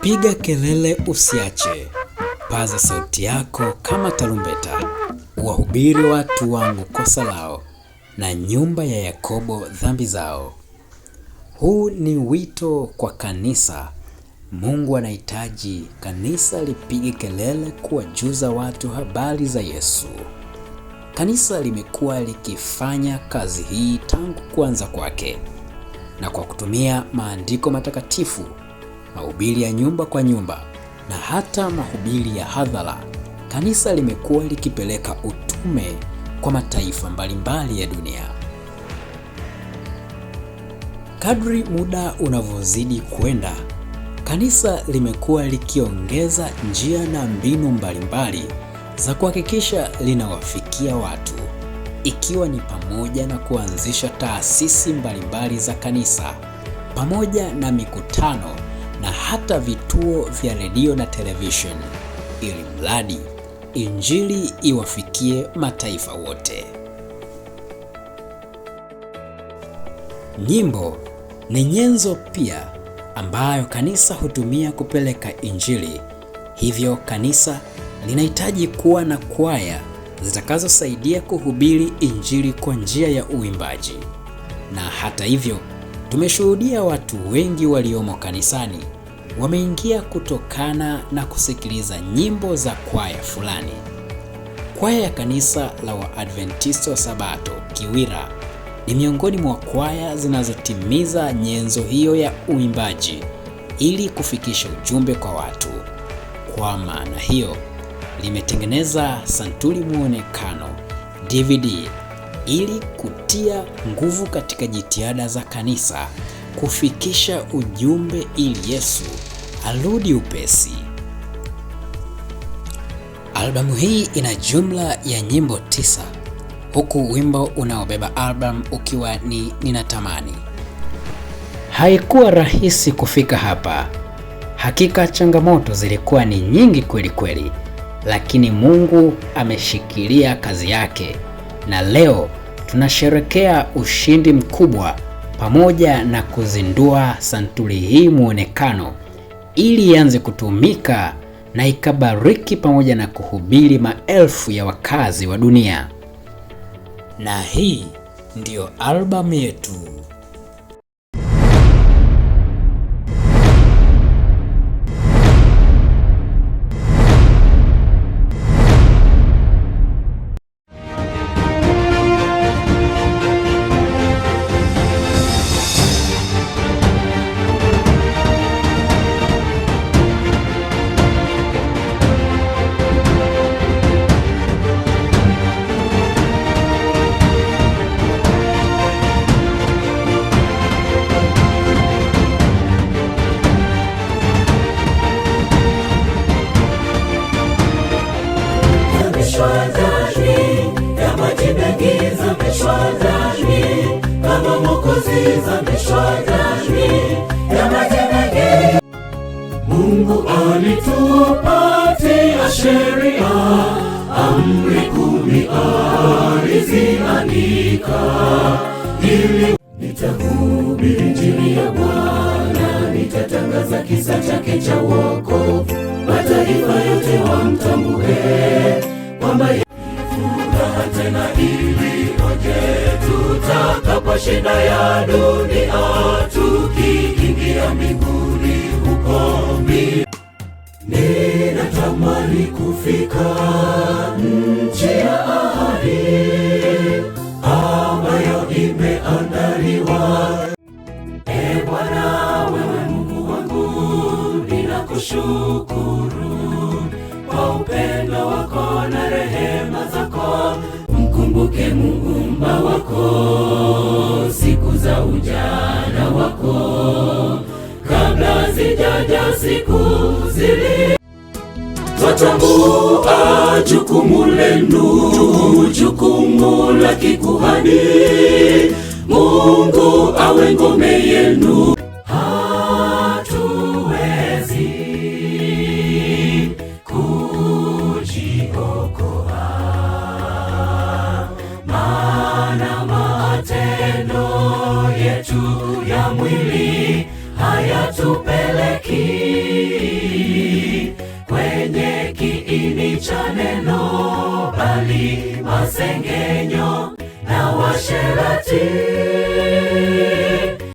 Piga kelele usiache, paza sauti yako kama tarumbeta, wahubiri watu wangu kosa lao, na nyumba ya Yakobo dhambi zao. Huu ni wito kwa kanisa. Mungu anahitaji kanisa lipige kelele kuwajuza watu habari za Yesu. Kanisa limekuwa likifanya kazi hii tangu kuanza kwake, na kwa kutumia maandiko matakatifu mahubiri ya nyumba kwa nyumba na hata mahubiri ya hadhara, kanisa limekuwa likipeleka utume kwa mataifa mbalimbali ya dunia. Kadri muda unavyozidi kwenda, kanisa limekuwa likiongeza njia na mbinu mbalimbali za kuhakikisha linawafikia watu, ikiwa ni pamoja na kuanzisha taasisi mbalimbali za kanisa pamoja na mikutano na hata vituo vya redio na televisheni, ili mradi injili iwafikie mataifa wote. Nyimbo ni nyenzo pia ambayo kanisa hutumia kupeleka injili. Hivyo kanisa linahitaji kuwa na kwaya zitakazosaidia kuhubiri injili kwa njia ya uimbaji. Na hata hivyo Tumeshuhudia watu wengi waliomo kanisani wameingia kutokana na kusikiliza nyimbo za kwaya fulani. Kwaya ya kanisa la Waadventista wa Sabato Kiwira ni miongoni mwa kwaya zinazotimiza nyenzo hiyo ya uimbaji ili kufikisha ujumbe kwa watu. Kwa maana hiyo limetengeneza santuri muonekano DVD ili kutia nguvu katika jitihada za kanisa kufikisha ujumbe ili Yesu arudi upesi. Albamu hii ina jumla ya nyimbo tisa huku wimbo unaobeba albamu ukiwa ni Ninatamani. Haikuwa rahisi kufika hapa. Hakika changamoto zilikuwa ni nyingi kweli kweli, lakini Mungu ameshikilia kazi yake na leo tunasherekea ushindi mkubwa pamoja na kuzindua santuri hii Muonekano ili ianze kutumika na ikabariki pamoja na kuhubiri maelfu ya wakazi wa dunia. Na hii ndiyo albamu yetu. Mungu alitupatia sheria, amri kumi aliziandika, ili nitahubiri Injili ya Bwana, nitatangaza kisa chake cha wokovu, mataifa yote wamtambue. kwa shida ya dunia, tukiingia mbinguni huko mbinguni. Ninatamani kufika nchi ya ahadi ambayo imeandaliwa. E Bwana, wewe Mungu wangu, ninakushukuru kwa upendo wako na rehema zako. Mkumbuke mba wako siku zili twatambua jukumu lenu, jukumu la kikuhani, Mungu awe ngome yenu. kiini cha neno, bali masengenyo na washerati.